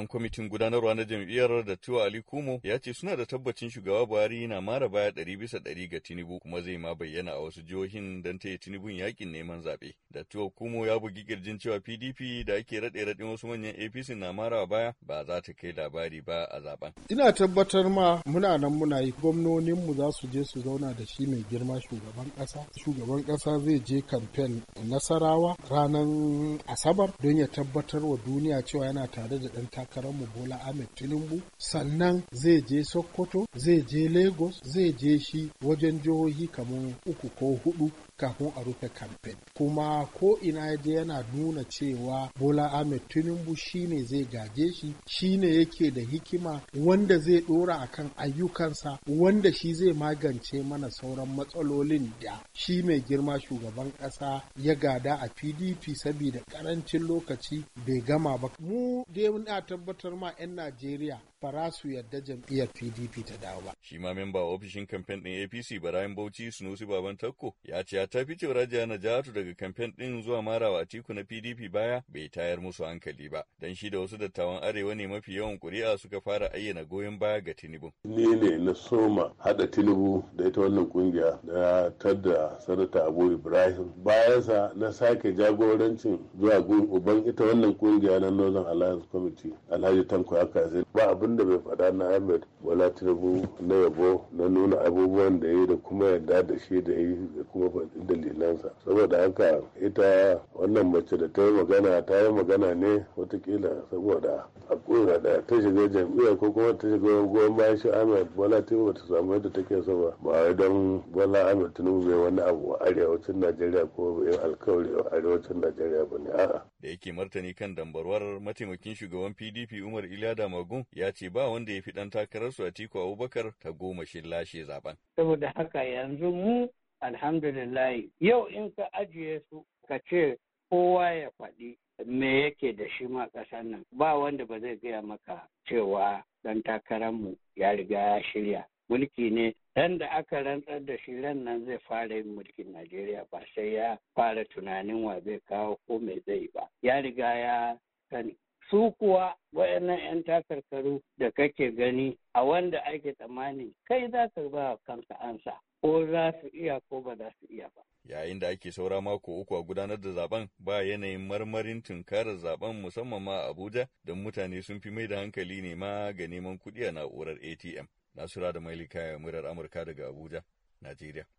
Dan kwamitin gudanarwa na jam'iyyar da Tuwa Ali Kumo ya ce suna da tabbacin shugaba Buhari na mara baya ɗari bisa ɗari ga Tinubu kuma zai ma bayyana a wasu jihohin don taya Tinubun yakin neman zaɓe. Da Tuwa Kumo ya bugi kirjin cewa PDP da ake raɗe raɗin wasu manyan APC na mara baya ba za ta kai labari ba a zaben. Ina tabbatar ma muna nan muna yi gwamnoninmu za su je su zauna da shi mai girma shugaban ƙasa. Shugaban ƙasa zai je kamfen nasarawa ranar Asabar don ya tabbatar wa duniya cewa yana tare da ɗan mu Bola Ahmed Tinubu sannan zai je Sokoto zai je Lagos zai je shi wajen jihohi kamar uku ko hudu kafin a rufe kamfen kuma ko ina yaje yana nuna cewa Bola Ahmed Tinubu shine zai gaje shi shine yake da hikima wanda zai dora akan ayyukansa wanda shi zai magance mana sauran matsalolin da shi mai girma shugaban kasa ya gada a PDP saboda karancin lokaci bai gama ba mu dai muna tabbatar ma 'yan Najeriya ba su yarda jam'iyyar PDP ta dawo ba. Shi ma memba ofishin kamfen ɗin APC Barayin Bauchi Sunusi Baban Takko ya ce ya tafi cewa na Najatu daga kamfen ɗin zuwa marawa tiku na PDP baya bai tayar musu hankali ba. Dan shi da wasu dattawan Arewa ne mafi yawan ƙuri'a suka fara ayyana goyon baya ga Tinubu. Ni ne na soma haɗa Tinubu da ita wannan ƙungiya da tadda Sanata Abu Ibrahim. Bayansa na sake jagorancin zuwa uban ita wannan ƙungiya na Northern Alliance Committee Alhaji Tanko Akaze ba abin da bai faɗa na ahmed wala tinubu na yabo na nuna abubuwan da ya da kuma yarda da shi da yi da kuma faɗin dalilansa saboda haka ita wannan mace da ta yi magana ta yi magana ne watakila saboda a ƙura da ta shiga jam'iyyar ko kuma ta shiga goyon bayan shi ahmed bola tinubu ta samu yadda take so ba ba wai don bola ahmed tinubu bai wani abu a arewacin najeriya ko bai alkawari a arewacin najeriya ba ne a'a da yake martani kan dambarwar mataimakin shugaban pdp umar da magun ya ce ba wanda ya fi ɗan a tiku Abubakar ta goma shi lashe zaben. Saboda haka yanzu mu alhamdulillah yau in ka ajiye su ka ce kowa ya faɗi me yake da shi ma ƙasar nan ba wanda ba zai gaya maka cewa ɗan mu ya riga ya shirya mulki ne ɗan da aka rantsar da shi ran nan zai fara yin mulkin Najeriya ba sai ya fara tunanin wa zai kawo ko mai zai ba ya riga ya sani su kuwa waɗannan 'yan takarkaru da kake gani a wanda ake tsammani kai za ka ba kanka ansa ko za su iya ko ba za su iya ba. Yayin da ake saura mako uku a gudanar da zaben ba yanayin marmarin tunkarar zaben musamman ma a Abuja don mutane sun fi mai da hankali ne ma ga neman kuɗi a na'urar ATM. Nasura da Mailika murar Amurka daga Abuja, Najeriya.